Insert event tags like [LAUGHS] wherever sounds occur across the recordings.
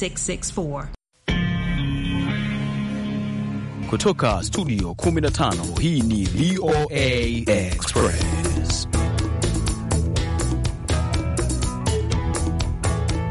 664. Kutoka studio 15 hii ni VOA Express.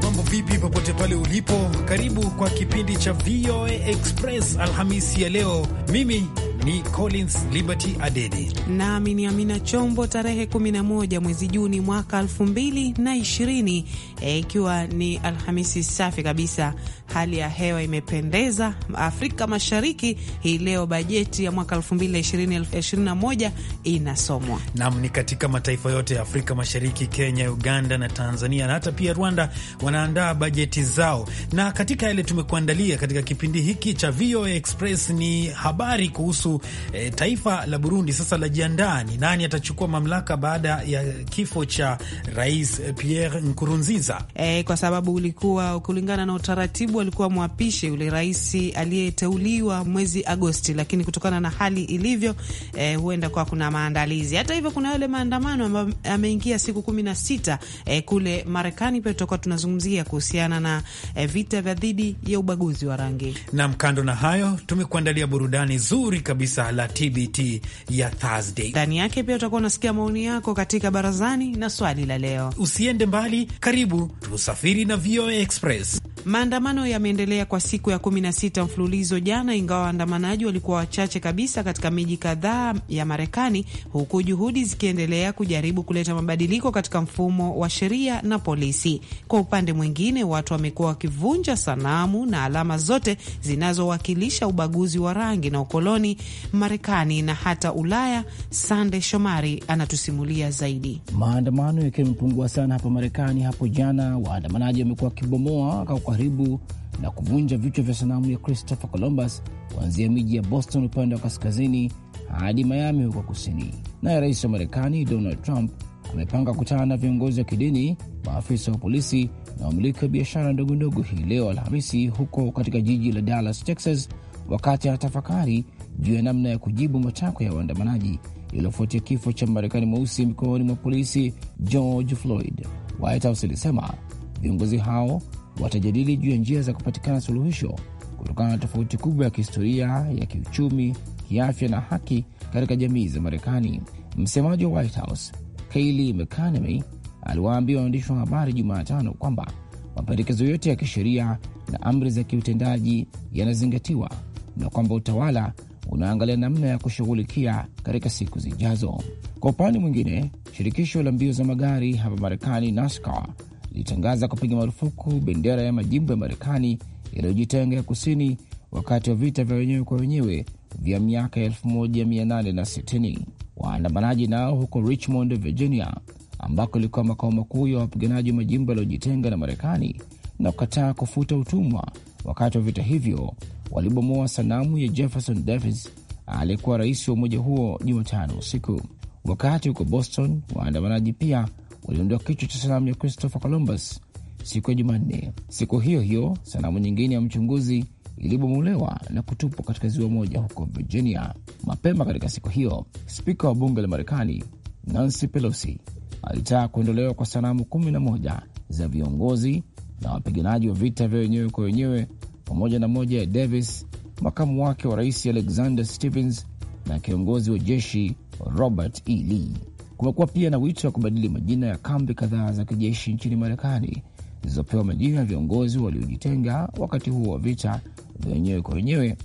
Mambo vipi popote pale ulipo, karibu kwa kipindi cha VOA Express Alhamisi ya leo. Mimi ni Collins Liberty Adede nami ni Amina Chombo, tarehe 11 mwezi Juni mwaka 2020 eh, ikiwa ni Alhamisi safi kabisa. Hali ya hewa imependeza Afrika Mashariki hii leo. Bajeti ya mwaka 2020-2021 inasomwa nam, ni katika mataifa yote ya Afrika Mashariki, Kenya, Uganda na Tanzania na hata pia Rwanda wanaandaa bajeti zao, na katika yale tumekuandalia katika kipindi hiki cha VOA Express ni habari kuhusu e, taifa la Burundi sasa lajiandaa, ni nani atachukua mamlaka baada ya kifo cha Rais Pierre Nkurunziza. E, kwa sababu ulikuwa kulingana na utaratibu alikuwa mwapishe yule rais aliyeteuliwa mwezi Agosti, lakini kutokana na hali ilivyo e, huenda kwa kuna maandalizi. Hata hivyo kuna yale maandamano ambayo ameingia siku kumi na sita e, kule Marekani pia tutakuwa tunazungumzia kuhusiana na e, vita vya dhidi ya ubaguzi wa rangi. Nam, kando na hayo tumekuandalia burudani zuri kabisa kabisa la TBT ya Thursday. Ndani yake pia utakuwa unasikia maoni yako katika barazani na swali la leo. Usiende mbali, karibu tusafiri na VOA Express. Maandamano yameendelea kwa siku ya 16 mfululizo jana, ingawa waandamanaji walikuwa wachache kabisa katika miji kadhaa ya Marekani, huku juhudi zikiendelea kujaribu kuleta mabadiliko katika mfumo wa sheria na polisi. Kwa upande mwingine, watu wamekuwa wakivunja sanamu na alama zote zinazowakilisha ubaguzi wa rangi na ukoloni Marekani na hata Ulaya. Sande Shomari anatusimulia zaidi. Maandamano yakiwa yamepungua sana hapa Marekani hapo jana, waandamanaji wamekuwa wakibomoa kwa karibu na kuvunja vichwa vya sanamu ya Christopher Columbus kuanzia miji ya Boston upande wa kaskazini hadi Miami huko kusini. Naye rais wa Marekani Donald Trump amepanga kutana na viongozi wa kidini, maafisa wa polisi na wamiliki wa biashara ndogo ndogo hii leo Alhamisi huko katika jiji la Dallas, Texas, wakati anatafakari juu ya namna ya kujibu matakwa ya waandamanaji yaliyofuatia kifo cha Marekani mweusi mikononi mwa polisi George Floyd. White House ilisema viongozi hao watajadili juu ya njia za kupatikana suluhisho kutokana na tofauti kubwa ya kihistoria, ya kiuchumi, kiafya na haki katika jamii za Marekani. Msemaji wa White House Kayleigh McEnany aliwaambia waandishi wa habari Jumatano kwamba mapendekezo yote ya kisheria na amri za kiutendaji yanazingatiwa na kwamba utawala unaangalia namna ya kushughulikia katika siku zijazo. Kwa upande mwingine, shirikisho la mbio za magari hapa Marekani, NASCAR, lilitangaza kupiga marufuku bendera ya majimbo ya Marekani yaliyojitenga ya kusini wakati wa vita vya wenyewe kwa wenyewe vya miaka 1860. Waandamanaji nao huko Richmond, Virginia, ambako ilikuwa makao makuu ya wapiganaji wa majimbo yaliyojitenga na Marekani na kukataa kufuta utumwa wakati wa vita hivyo walibomoa sanamu ya Jefferson Davis aliyekuwa rais wa umoja huo Jumatano usiku. Wakati huko Boston, waandamanaji pia waliondoa kichwa cha sanamu ya Christopher Columbus siku ya Jumanne. Siku hiyo hiyo, sanamu nyingine ya mchunguzi ilibomolewa na kutupwa katika ziwa moja huko Virginia. Mapema katika siku hiyo, spika wa bunge la Marekani Nancy Pelosi alitaka kuondolewa kwa sanamu kumi na moja za viongozi na wapiganaji wa vita vya wenyewe kwa wenyewe pamoja na moja ya Davis, makamu wake wa rais Alexander Stevens na kiongozi wa jeshi Robert E. Lee. Kumekuwa pia na wito wa kubadili majina ya kambi kadhaa za kijeshi nchini Marekani zilizopewa majina ya viongozi waliojitenga wakati huo wa vita vya wenyewe kwa wenyewe,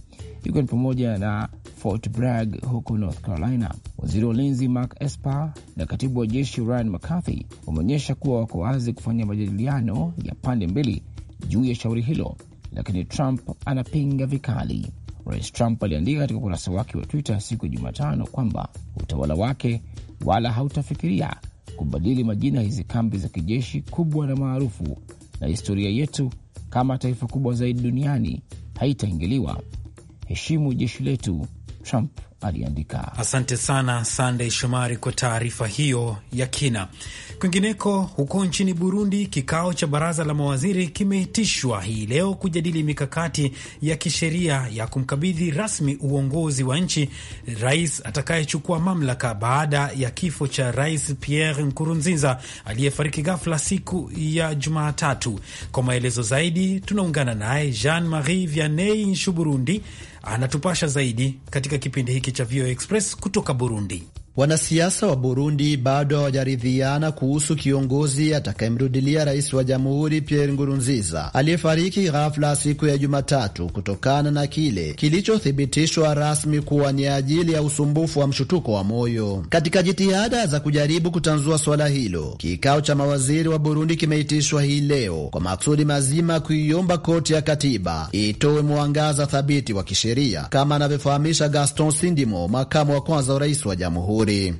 ikiwa ni pamoja na Fort Bragg huko North Carolina. Waziri wa ulinzi Mark Esper na katibu wa jeshi Ryan McCarthy wameonyesha kuwa wako wazi kufanya majadiliano ya pande mbili juu ya shauri hilo lakini Trump anapinga vikali. Rais Trump aliandika katika ukurasa wake wa Twitter siku ya Jumatano kwamba utawala wake wala hautafikiria kubadili majina ya hizi kambi za kijeshi kubwa na maarufu, na historia yetu kama taifa kubwa zaidi duniani haitaingiliwa. Heshimu jeshi letu Trump aliandika. Asante sana Sandey Shomari kwa taarifa hiyo ya kina. Kwingineko, huko nchini Burundi, kikao cha baraza la mawaziri kimeitishwa hii leo kujadili mikakati ya kisheria ya kumkabidhi rasmi uongozi wa nchi rais atakayechukua mamlaka baada ya kifo cha rais Pierre Nkurunziza aliyefariki ghafla siku ya Jumatatu. Kwa maelezo zaidi tunaungana naye Jean Marie Vianney Burundi, anatupasha zaidi katika kipindi hiki cha VOA Express kutoka Burundi. Wanasiasa wa Burundi bado hawajaridhiana kuhusu kiongozi atakayemrudilia rais wa jamhuri Pierre Ngurunziza aliyefariki ghafla siku ya Jumatatu kutokana na kile kilichothibitishwa rasmi kuwa ni ajili ya usumbufu wa mshutuko wa moyo. Katika jitihada za kujaribu kutanzua swala hilo, kikao cha mawaziri wa Burundi kimeitishwa hii leo kwa maksudi mazima kuiomba koti ya katiba itoe mwangaza thabiti wa kisheria, kama anavyofahamisha Gaston Sindimo, makamu wa kwanza wa rais wa jamhuri. Jamhuri.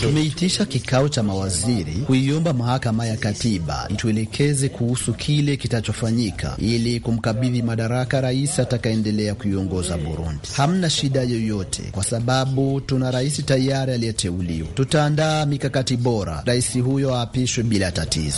Tumeitisha kikao cha mawaziri kuiomba mahakama ya katiba ituelekeze kuhusu kile kitachofanyika ili kumkabidhi madaraka rais atakayeendelea kuiongoza Burundi. Hamna shida yoyote, kwa sababu tuna rais tayari aliyeteuliwa. Tutaandaa mikakati bora rais huyo aapishwe bila tatizo.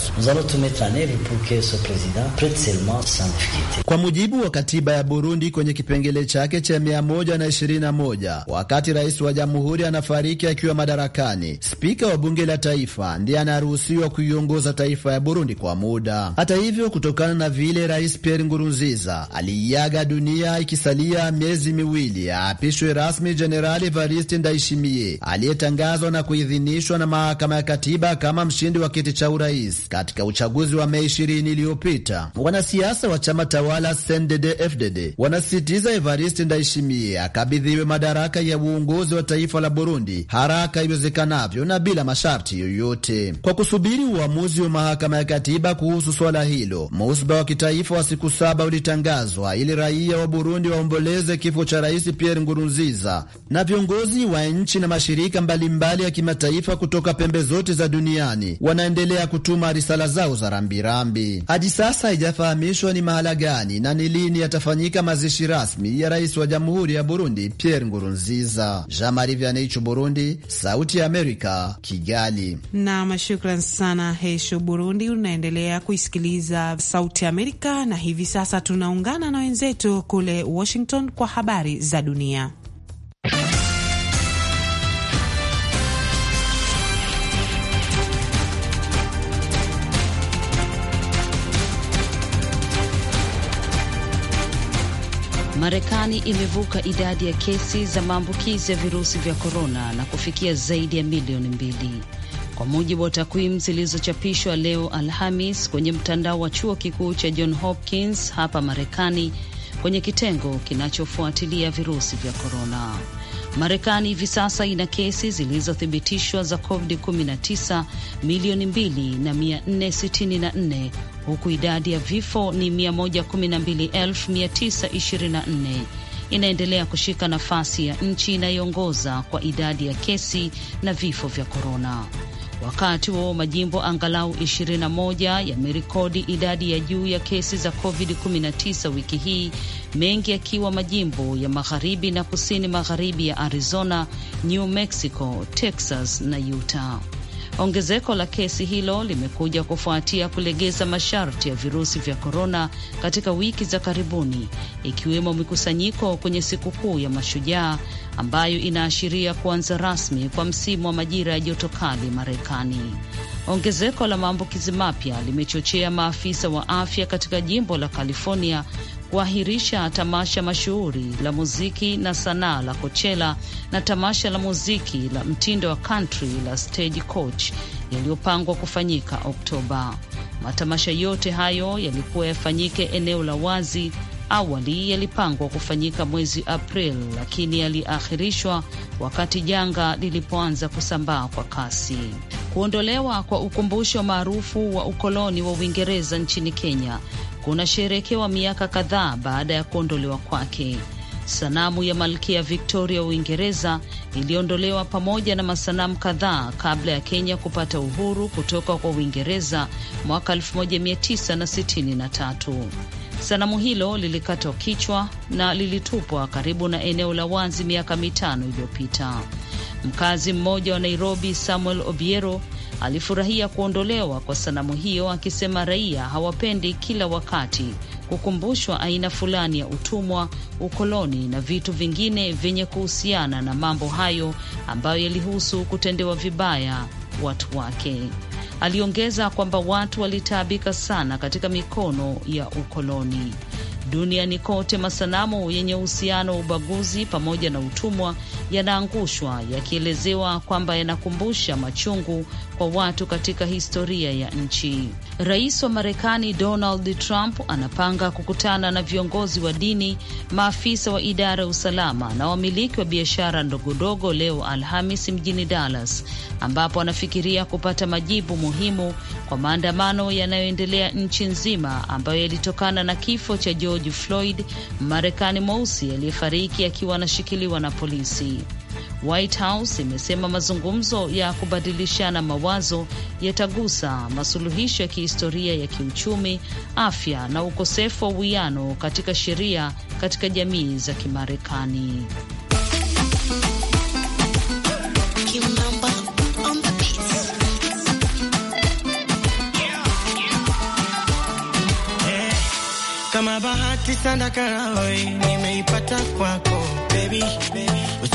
Kwa mujibu wa katiba ya Burundi kwenye kipengele chake cha 121 wa wakati rais wa jamhuri anafariki akiwa madarakani, spika wa bunge la taifa ndiye anaruhusiwa kuiongoza taifa ya Burundi kwa muda. Hata hivyo, kutokana na vile rais Pierre ngurunziza aliiaga dunia ikisalia miezi miwili aapishwe rasmi, jenerali Evariste Ndayishimiye aliyetangazwa na kuidhinishwa na mahakama ya katiba kama mshindi wa kiti cha urais katika uchaguzi wa Mei ishirini iliyopita, wanasiasa wa chama tawala CNDD-FDD wanasitiza Evariste Ndayishimiye akabidhiwe madaraka ya ya uongozi wa taifa la Burundi haraka iwezekanavyo na bila masharti yoyote, kwa kusubiri uamuzi wa mahakama ya katiba kuhusu swala hilo. Msiba wa kitaifa wa siku saba ulitangazwa ili raia wa Burundi waomboleze kifo cha Rais Pierre Nkurunziza, na viongozi wa nchi na mashirika mbalimbali mbali ya kimataifa kutoka pembe zote za duniani wanaendelea kutuma risala zao za rambirambi. Hadi sasa haijafahamishwa ni mahala gani na ni lini yatafanyika mazishi rasmi ya rais wa jamhuri ya Burundi Pierre Nkurunziza. Nkurunziza. Jean Marie Vianney Burundi, Sauti ya Amerika, Kigali. Nam, shukran sana Hesho Burundi. Unaendelea kuisikiliza Sauti ya Amerika na hivi sasa tunaungana na wenzetu kule Washington kwa habari za dunia. Marekani imevuka idadi ya kesi za maambukizi ya virusi vya korona na kufikia zaidi ya milioni mbili kwa mujibu wa takwimu zilizochapishwa leo Alhamis kwenye mtandao wa chuo kikuu cha John Hopkins hapa Marekani kwenye kitengo kinachofuatilia virusi vya korona. Marekani hivi sasa ina kesi zilizothibitishwa za COVID-19 milioni mbili na 464 huku idadi ya vifo ni 112924 inaendelea kushika nafasi ya nchi inayoongoza kwa idadi ya kesi na vifo vya korona. Wakati huo majimbo angalau 21 yamerekodi idadi ya juu ya kesi za COVID-19 wiki hii, mengi yakiwa majimbo ya magharibi na kusini magharibi ya Arizona, New Mexico, Texas na Utah. Ongezeko la kesi hilo limekuja kufuatia kulegeza masharti ya virusi vya korona katika wiki za karibuni, ikiwemo mikusanyiko kwenye sikukuu ya Mashujaa ambayo inaashiria kuanza rasmi kwa msimu wa majira ya joto kali Marekani. Ongezeko la maambukizi mapya limechochea maafisa wa afya katika jimbo la California kuahirisha tamasha mashuhuri la muziki na sanaa la Coachella na tamasha la muziki la mtindo wa country la Stagecoach yaliyopangwa kufanyika Oktoba. Matamasha yote hayo yalikuwa yafanyike eneo la wazi. Awali yalipangwa kufanyika mwezi April, lakini yaliahirishwa wakati janga lilipoanza kusambaa kwa kasi. Kuondolewa kwa ukumbusho maarufu wa ukoloni wa Uingereza nchini Kenya kunasherekewa miaka kadhaa baada ya kuondolewa kwake. Sanamu ya Malkia Victoria Uingereza iliondolewa pamoja na masanamu kadhaa kabla ya Kenya kupata uhuru kutoka kwa Uingereza mwaka 1963. Sanamu hilo lilikatwa kichwa na lilitupwa karibu na eneo la wazi miaka mitano iliyopita. Mkazi mmoja wa Nairobi, Samuel Obiero, alifurahia kuondolewa kwa sanamu hiyo akisema raia hawapendi kila wakati kukumbushwa aina fulani ya utumwa, ukoloni na vitu vingine vyenye kuhusiana na mambo hayo ambayo yalihusu kutendewa vibaya watu wake. Aliongeza kwamba watu walitaabika sana katika mikono ya ukoloni. Duniani kote masanamu yenye uhusiano wa ubaguzi pamoja na utumwa yanaangushwa, yakielezewa kwamba yanakumbusha machungu kwa watu katika historia ya nchi. Rais wa Marekani Donald Trump anapanga kukutana na viongozi wa dini, maafisa wa idara ya usalama na wamiliki wa biashara ndogondogo leo Alhamis mjini Dallas, ambapo anafikiria kupata majibu muhimu kwa maandamano yanayoendelea nchi nzima ambayo yalitokana na kifo cha George Floyd, Marekani mweusi aliyefariki akiwa anashikiliwa na polisi. White House imesema mazungumzo ya kubadilishana mawazo yatagusa masuluhisho ya kihistoria ya kiuchumi, afya na ukosefu wa uwiano katika sheria katika jamii za Kimarekani. Kama bahati sana karai nimeipata kwako baby, baby.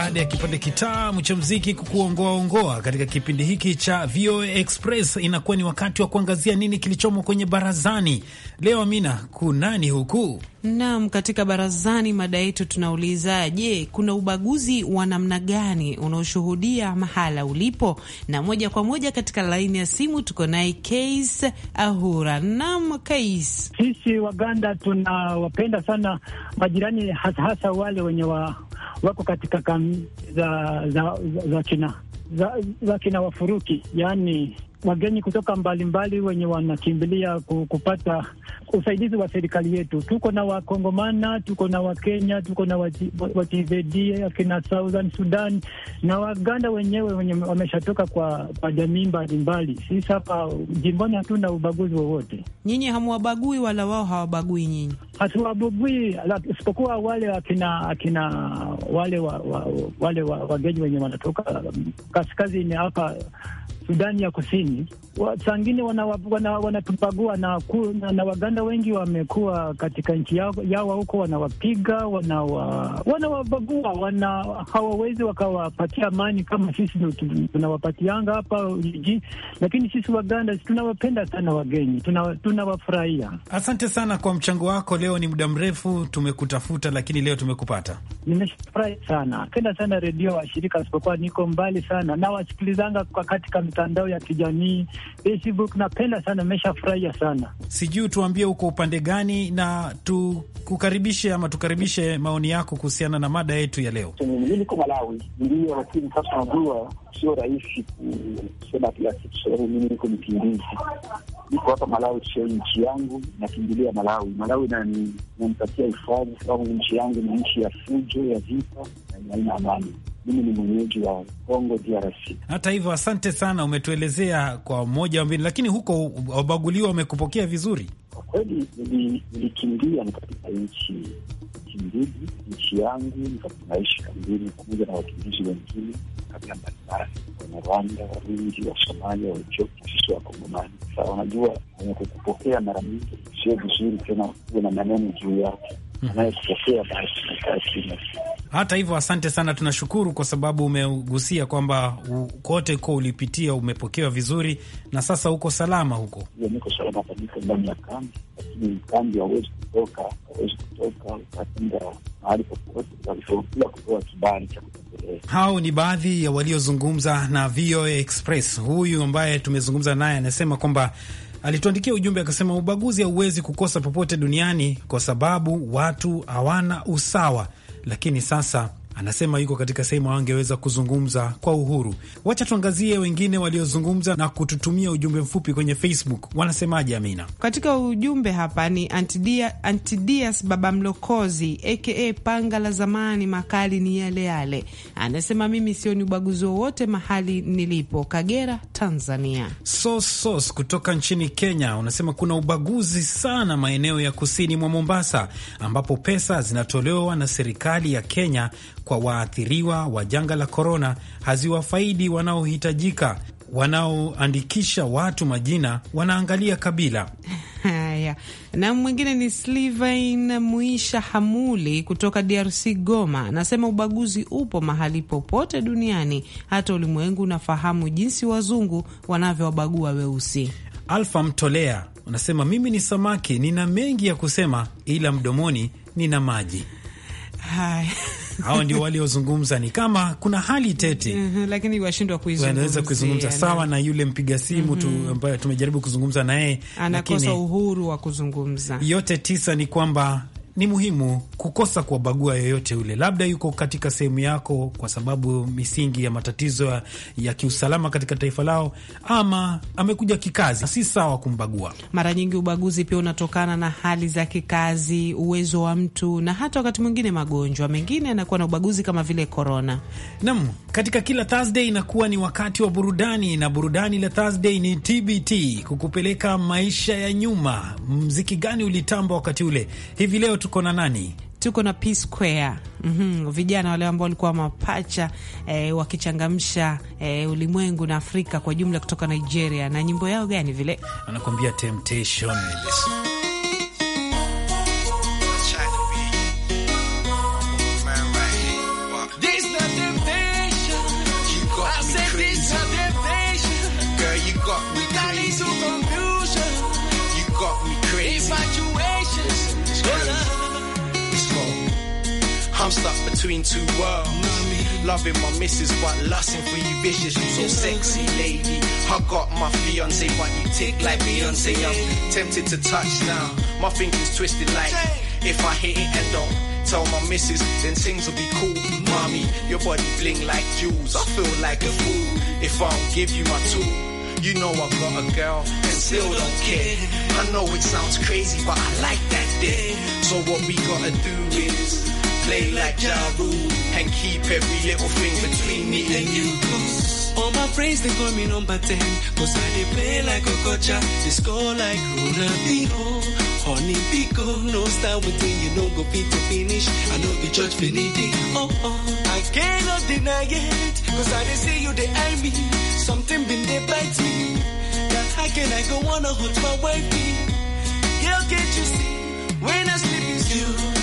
baada ya kipande kitamu cha mziki kukuongoaongoa katika kipindi hiki cha VOA Express, inakuwa ni wakati wa kuangazia nini kilichomo kwenye barazani leo. Amina, kunani huku? Naam, katika barazani mada yetu tunauliza, je, kuna ubaguzi wa namna gani unaoshuhudia mahala ulipo? Na moja kwa moja katika laini ya simu tuko naye Kais Ahura. Naam, Kais, sisi Waganda tunawapenda sana majirani, hasahasa wale wenye wa wako katika kambi za za, za, za kina za, za kina wafuruki, yaani wageni kutoka mbalimbali mbali wenye wanakimbilia kupata usaidizi wa serikali yetu. Tuko na Wakongomana, tuko na Wakenya, tuko na watvd akina Southern Sudan na Waganda wenyewe wenye wameshatoka kwa, kwa jamii mbalimbali. Sisi hapa jimboni hatuna ubaguzi wowote. Nyinyi hamwabagui wala wao hawabagui nyinyi? Hatuwabagui, isipokuwa wale akina akina wale wa, wa, wale wa, wageni wenye wanatoka kaskazini hapa Sudani ya Kusini, saa ingine wanatupagua wana, wana na, na Waganda wengi wamekuwa katika nchi yao, ya huko wanawapiga wanawabagua wana, wana, hawawezi wakawapatia amani kama sisi tunawapatianga hapa jiji, lakini sisi Waganda tunawapenda sana wageni, tunawafurahia tuna. Asante sana kwa mchango wako leo, ni muda mrefu tumekutafuta, lakini leo tumekupata. Nimefurahi sana, napenda sana redio washirika, asipokuwa niko mbali sana nawasikilizanga wasikilizanga katika mitandao ya kijamii Facebook. Napenda sana, nimeshafurahia sana. Sijui tuambie uko upande gani, na tukukaribishe ama tukaribishe maoni yako kuhusiana na mada yetu ya leo. Mimi niko Malawi, ndio, lakini sasa najua sio rahisi kusema kila kitu, sababu mimi niko mkimbizi niko hapa Malawi, sio nchi yangu, nakimbilia Malawi. Malawi inanipatia hifadhi sababu nchi yangu ni nchi ya fujo, ya vita na haina amani. Mimi ni mwenyeji wa Kongo DRC. Hata hivyo, asante sana, umetuelezea kwa moja mbili, lakini huko wabaguliwa wamekupokea vizuri? Kwa kweli nilikimbia ni katika nchi Msumbiji, nchi yangu, naishi kambini pamoja na wakimbizi wengine kabila mbalimbali, wenye Rwanda, Warundi, wa Somalia, sisi Wakongomani. Sa wanajua wenye kukupokea mara mingi sio vizuri tena uwe na maneno juu yake, mhm. anayekupokea basi nakaa kimya. Hata hivyo, asante sana, tunashukuru kwa sababu umegusia kwamba kote uko ulipitia umepokewa vizuri na sasa uko salama huko. Niko salama kabisa ndani ya kambi, lakini kambi hawezi kutoka, hawezi kutoka ukatinda mahali popote, walifanikiwa kutoa kibali cha Hao ni baadhi ya waliozungumza na VOA Express. Huyu ambaye tumezungumza naye anasema kwamba alituandikia ujumbe akasema, ubaguzi hauwezi kukosa popote duniani kwa sababu watu hawana usawa lakini sasa anasema yuko katika sehemu angeweza kuzungumza kwa uhuru. Wacha tuangazie wengine waliozungumza na kututumia ujumbe mfupi kwenye Facebook. Wanasemaje, Amina? Katika ujumbe hapa ni Antidia, Antidias Baba Mlokozi aka panga la zamani, makali ni yale yale, anasema mimi sioni ubaguzi wowote mahali nilipo, Kagera, Tanzania. Sos Sos kutoka nchini Kenya unasema kuna ubaguzi sana maeneo ya kusini mwa Mombasa ambapo pesa zinatolewa na serikali ya Kenya kwa waathiriwa wa janga la korona haziwafaidi wanaohitajika. Wanaoandikisha watu majina wanaangalia kabila. Haya, na mwingine ni Slivain Muisha Hamuli kutoka DRC, Goma, anasema ubaguzi upo mahali popote duniani, hata ulimwengu unafahamu jinsi wazungu wanavyowabagua weusi. Alfa Mtolea anasema mimi ni samaki, nina mengi ya kusema, ila mdomoni nina maji hawa [LAUGHS] ndio waliozungumza, ni kama kuna hali tete mm -hmm, lakini washindwa kuizungumza kuizungumza sawa na yule mpiga simu mm -hmm, tu mhm. ambaye tumejaribu kuzungumza naye anakosa lakini, uhuru wa kuzungumza. Yote tisa ni kwamba ni muhimu kukosa kuwabagua yoyote yule, labda yuko katika sehemu yako kwa sababu misingi ya matatizo ya kiusalama katika taifa lao, ama amekuja kikazi. Si sawa kumbagua. Mara nyingi ubaguzi pia unatokana na hali za kikazi, uwezo wa mtu, na hata wakati mwingine magonjwa mengine yanakuwa na ubaguzi kama vile korona. nam katika kila Thursday inakuwa ni wakati wa burudani, na burudani la Thursday ni TBT, kukupeleka maisha ya nyuma. Mziki gani ulitamba wakati ule? Hivi leo tuko na nani? Tuko na P Square. Mm -hmm. Vijana wale ambao walikuwa mapacha eh, wakichangamsha eh, ulimwengu na Afrika kwa jumla kutoka Nigeria, na nyimbo yao gani vile anakuambia temptation between two worlds. Loving my missus, but lusting for you bitches. You so sexy, lady. I got my fiance, but you tick like Beyonce. I'm tempted to touch now. My fingers twisted like if I hit it and don't. Tell my missus, then things will be cool. Mommy, your body bling like jewels. I feel like a fool if I don't give you my tool. You know I got a girl and still don't care. I know it sounds crazy, but I like that dick. So what we gotta do is play like Ja Rule and keep every little thing between me and you. All my friends, they call me number 10 Cause I they play like a gotcha They score like Ronaldinho Honey, pico, no style within You know go fit to finish I know be judge finity Oh, oh I cannot deny it Cause I they see you, they eye me Something been they bite me That how can I go on a hot my wifey Girl, can't you see When I sleep is you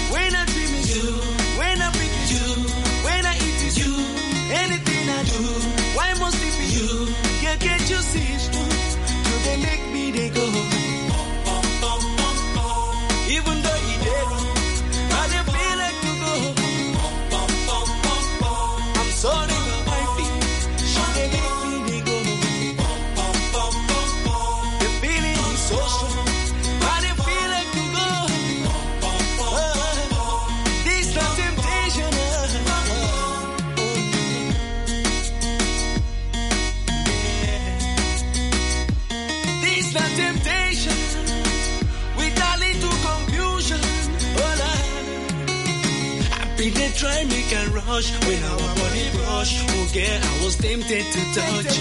try make and rush with our body brush. Oh yeah, I was tempted to touch,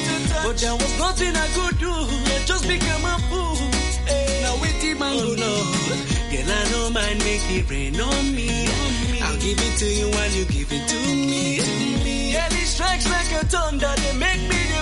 but there was nothing I could do. I just became a fool. Hey. Now with the mango, oh, no. girl, I don't mind make it rain on me. I'll give it to you while you give it to me. Girl, it strikes like a thunder, they make me.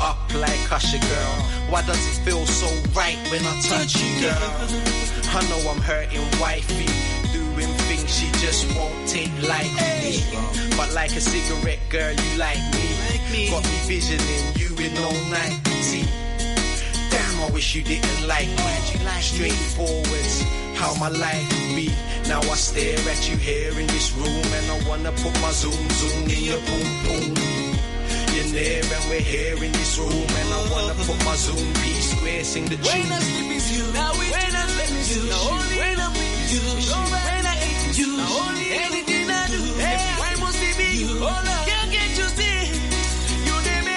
up like Usher, girl. Why does it feel so right when I touch you, girl? I know I'm hurting wifey, doing things she just won't take like me. But like a cigarette, girl, you like me. Got me visioning you in all night. See, damn, I wish you didn't like me. Straightforwards how my life be. Now I stare at you here in this room, and I wanna put my zoom zoom in your boom boom. millionaire and we're here in this room and I wanna put my Zoom B square sing the tune. When I sleep with you, now when, when I sleep with you, now only when I'm with you, no when I eat with you, now only anything I do, hey, why must it be you. All I can't you see, you they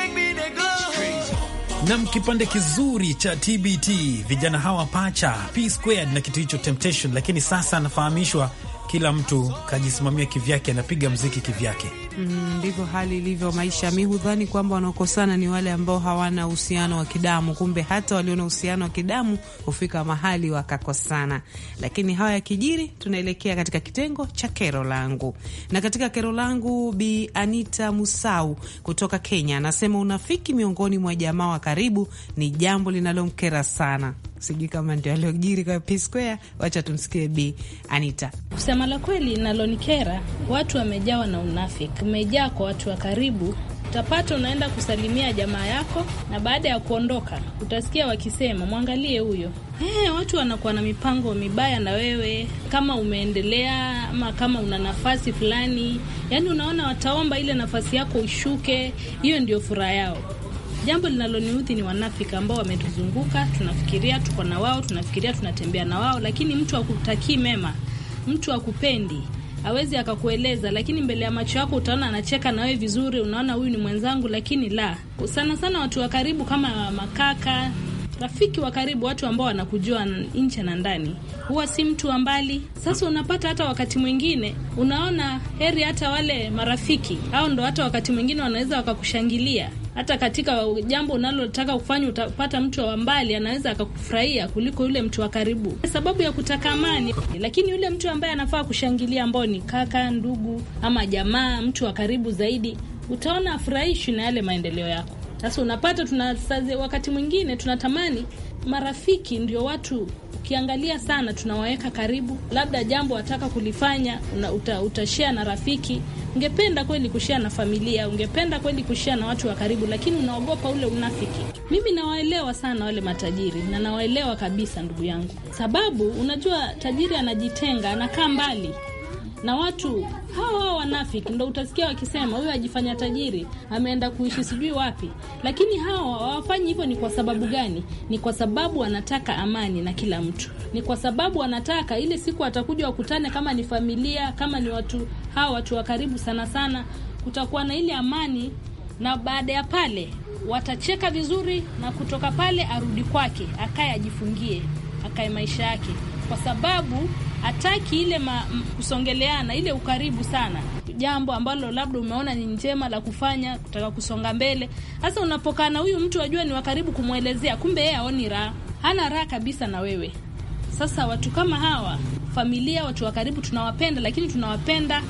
Nam kipande kizuri cha TBT vijana hawa pacha P Squared na kitu hicho Temptation, lakini sasa anafahamishwa kila mtu kajisimamia kivyake, anapiga mziki kivyake. Mm, ndivyo mm, hali ilivyo maisha. Mi hudhani kwamba wanaokosana ni wale ambao hawana uhusiano wa kidamu, kumbe hata walio na uhusiano wa kidamu hufika mahali wakakosana. Lakini hawa kijiri, tunaelekea katika kitengo cha kero langu, na katika kero langu Bi Anita Musau kutoka Kenya anasema unafiki miongoni mwa jamaa wa karibu ni jambo linalomkera sana. Sijui kama ndio aliojiri kwa P Square. Wacha tumsikie Bi Anita Kusema kusema la kweli linalonikera, watu wamejawa na unafik umejaa kwa watu wa karibu. Utapata unaenda kusalimia jamaa yako, na baada ya kuondoka utasikia wakisema mwangalie huyo. Hey, eh, watu wanakuwa na mipango mibaya na wewe, kama umeendelea ama kama una nafasi fulani, yaani unaona wataomba ile nafasi yako ushuke. Hiyo ndio furaha yao. Jambo linaloniudhi ni wanafiki ambao wametuzunguka. Tunafikiria tuko na wao, tunafikiria tunatembea na wao, lakini mtu akutakii mema mtu akupendi awezi akakueleza, lakini mbele ya macho yako utaona anacheka na wewe vizuri, unaona huyu ni mwenzangu. Lakini la sana sana, watu wa karibu kama makaka, rafiki wa karibu, watu ambao wanakujua nje na ndani, huwa si mtu wa mbali. Sasa unapata hata wakati mwingine unaona heri hata wale marafiki au ndo hata wakati mwingine wanaweza wakakushangilia hata katika jambo unalotaka kufanya utapata mtu wa mbali anaweza akakufurahia kuliko yule mtu wa karibu, sababu ya kutaka amani. Lakini yule mtu ambaye anafaa kushangilia, ambao ni kaka, ndugu ama jamaa, mtu wa karibu zaidi, utaona afurahishwi na yale maendeleo yako. Sasa unapata tunasaze, wakati mwingine tunatamani Marafiki ndio watu ukiangalia sana tunawaweka karibu, labda jambo wataka kulifanya una, uta, utashare na rafiki. Ungependa kweli kushia na familia, ungependa kweli kushia na watu wa karibu, lakini unaogopa ule unafiki. Mimi nawaelewa sana wale matajiri na nawaelewa kabisa, ndugu yangu, sababu unajua tajiri anajitenga, anakaa mbali na watu hao hao wanafiki ndo utasikia wakisema huyu ajifanya tajiri ameenda kuishi sijui wapi, lakini hao hawafanyi hivyo. Ni kwa sababu gani? Ni kwa sababu wanataka amani na kila mtu, ni kwa sababu wanataka ile siku atakuja wakutane, kama ni familia, kama ni watu hawa watu wa karibu sana sana, kutakuwa na ile amani, na baada ya pale watacheka vizuri, na kutoka pale arudi kwake, akae ajifungie, akaye maisha yake kwa sababu hataki ile ma, m, kusongeleana ile ukaribu sana. Jambo ambalo labda umeona ni njema la kufanya, kutaka kusonga mbele. Sasa unapokana huyu mtu ajua ni wakaribu kumwelezea, kumbe yeye aoni raha, hana raha kabisa na wewe. Sasa watu kama hawa, familia, watu wa karibu, tunawapenda lakini tunawapenda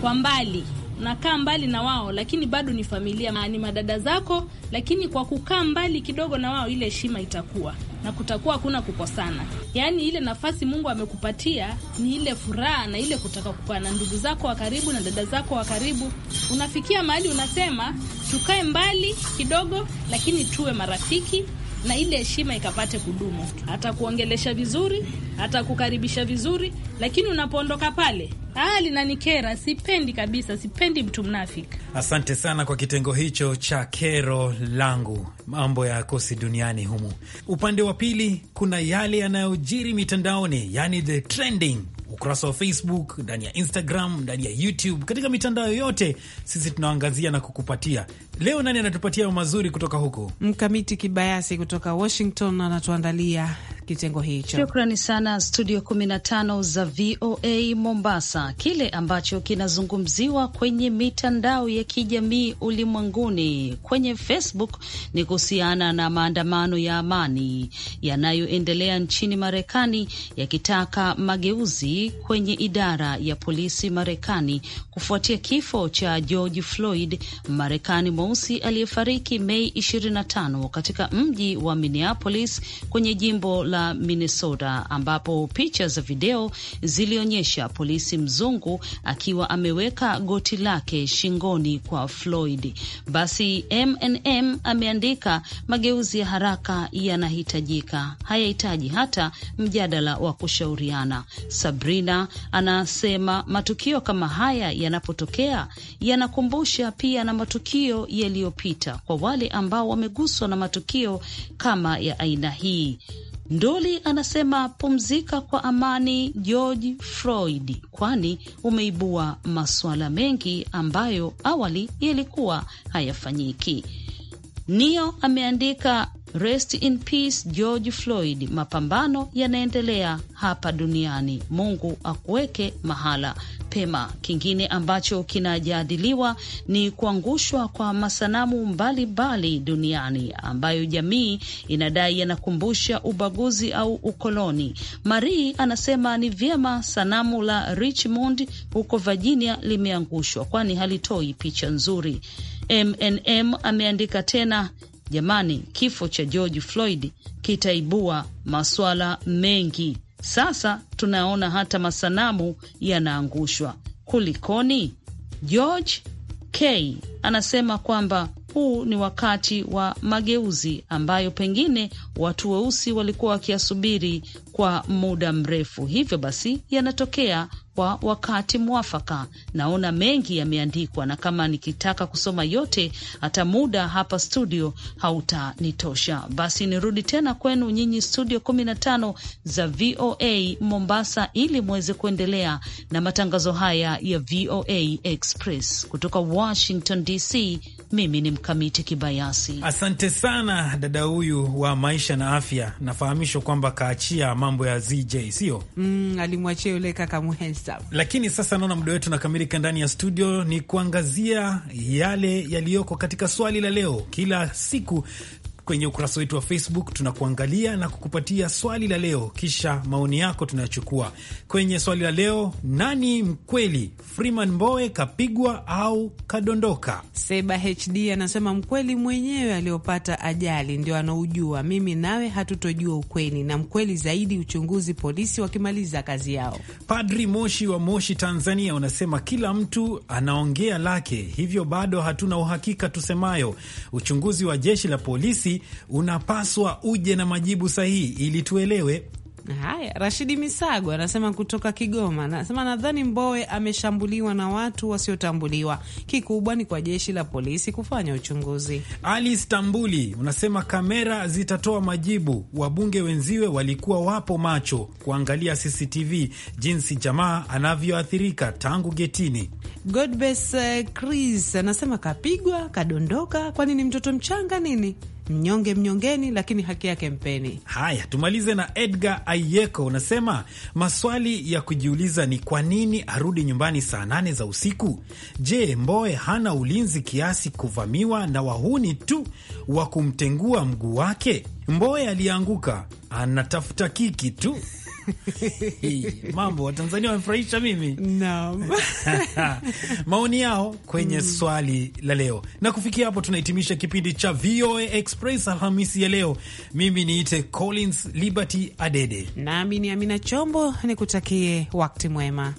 kwa mbali nakaa mbali na wao lakini bado ni familia, ni madada zako, lakini kwa kukaa mbali kidogo na wao ile heshima itakuwa na kutakuwa hakuna kukosana. Yaani ile nafasi Mungu amekupatia ni ile furaha na ile kutaka kukaa na ndugu zako wa karibu na dada zako wa karibu. Unafikia mahali unasema tukae mbali kidogo, lakini tuwe marafiki na ile heshima ikapate kudumu, hata kuongelesha vizuri, hata kukaribisha vizuri. Lakini unapoondoka pale, ah, linanikera, sipendi kabisa, sipendi mtu mnafiki. Asante sana kwa kitengo hicho cha kero langu, mambo ya kosi duniani humu. Upande wa pili kuna yale yanayojiri mitandaoni, yani the trending ukurasa wa Facebook, ndani ya Instagram, ndani ya YouTube, katika mitandao yote, sisi tunaangazia na kukupatia Leo nani anatupatia mazuri kutoka huko? Mkamiti Kibayasi kutoka Washington anatuandalia kitengo hicho. Shukrani sana studio 15 za VOA Mombasa. Kile ambacho kinazungumziwa kwenye mitandao ya kijamii ulimwenguni kwenye Facebook ni kuhusiana na maandamano ya amani yanayoendelea nchini Marekani yakitaka mageuzi kwenye idara ya polisi Marekani kufuatia kifo cha George Floyd Marekani mweusi aliyefariki Mei 25 katika mji wa Minneapolis kwenye jimbo la Minnesota, ambapo picha za video zilionyesha polisi mzungu akiwa ameweka goti lake shingoni kwa Floyd. Basi MNM ameandika mageuzi ya haraka yanahitajika, hayahitaji hata mjadala wa kushauriana. Sabrina anasema matukio kama haya yanapotokea yanakumbusha pia na matukio ya yaliyopita kwa wale ambao wameguswa na matukio kama ya aina hii. Ndoli anasema pumzika kwa amani, George Floyd, kwani umeibua masuala mengi ambayo awali yalikuwa hayafanyiki. Nio ameandika Rest in peace George Floyd. Mapambano yanaendelea hapa duniani. Mungu akuweke mahala pema. Kingine ambacho kinajadiliwa ni kuangushwa kwa masanamu mbalimbali duniani ambayo jamii inadai yanakumbusha ubaguzi au ukoloni. Marie anasema ni vyema sanamu la Richmond huko Virginia limeangushwa, kwani halitoi picha nzuri. MNM ameandika tena Jamani, kifo cha George Floyd kitaibua maswala mengi. Sasa tunaona hata masanamu yanaangushwa, kulikoni? George K anasema kwamba huu ni wakati wa mageuzi ambayo pengine watu weusi walikuwa wakiyasubiri kwa muda mrefu, hivyo basi yanatokea kwa wakati mwafaka. Naona mengi yameandikwa, na kama nikitaka kusoma yote, hata muda hapa studio hautanitosha. Basi nirudi tena kwenu nyinyi studio 15 za VOA Mombasa, ili mweze kuendelea na matangazo haya ya VOA Express kutoka Washington DC. Mimi ni Mkamiti Kibayasi. Asante sana dada huyu wa maisha na afya, nafahamishwa kwamba kaachia mambo ya ZJ sio? Mm, alimwachia yule kaka Muhensa sawa. Lakini sasa naona muda wetu kamilika ndani ya studio, ni kuangazia yale yaliyoko katika swali la leo. Kila siku kwenye ukurasa wetu wa Facebook tunakuangalia na kukupatia swali la leo, kisha maoni yako tunayochukua Kwenye swali la leo, nani mkweli, Freeman Mbowe kapigwa au kadondoka? Seba HD anasema mkweli mwenyewe aliyopata ajali ndio anaujua, mimi nawe hatutojua ukweli, na mkweli zaidi uchunguzi polisi wakimaliza kazi yao. Padri Moshi wa Moshi, Tanzania, unasema kila mtu anaongea lake, hivyo bado hatuna uhakika tusemayo. Uchunguzi wa jeshi la polisi unapaswa uje na majibu sahihi ili tuelewe. Haya, Rashidi Misago anasema kutoka Kigoma, anasema nadhani Mbowe ameshambuliwa na watu wasiotambuliwa. Kikubwa ni kwa jeshi la polisi kufanya uchunguzi. Ali Stambuli unasema kamera zitatoa majibu. Wabunge wenziwe walikuwa wapo macho kuangalia CCTV jinsi jamaa anavyoathirika tangu getini. Godbes eh, Chris anasema kapigwa, kadondoka, kwani ni mtoto mchanga nini? mnyonge mnyongeni, lakini haki yake mpeni. Haya, tumalize na Edgar Ayeko, unasema maswali ya kujiuliza ni kwa nini arudi nyumbani saa nane za usiku? Je, Mboe hana ulinzi kiasi kuvamiwa na wahuni tu wa kumtengua mguu wake? Mboe alianguka, anatafuta kiki tu [LAUGHS] mambo Watanzania wamefurahisha mimi na [LAUGHS] [LAUGHS] maoni yao kwenye mm. swali la leo. Na kufikia hapo, tunahitimisha kipindi cha VOA Express Alhamisi ya leo. Mimi niite Collins Liberty Adede nami ni Amina Chombo, nikutakie wakati mwema.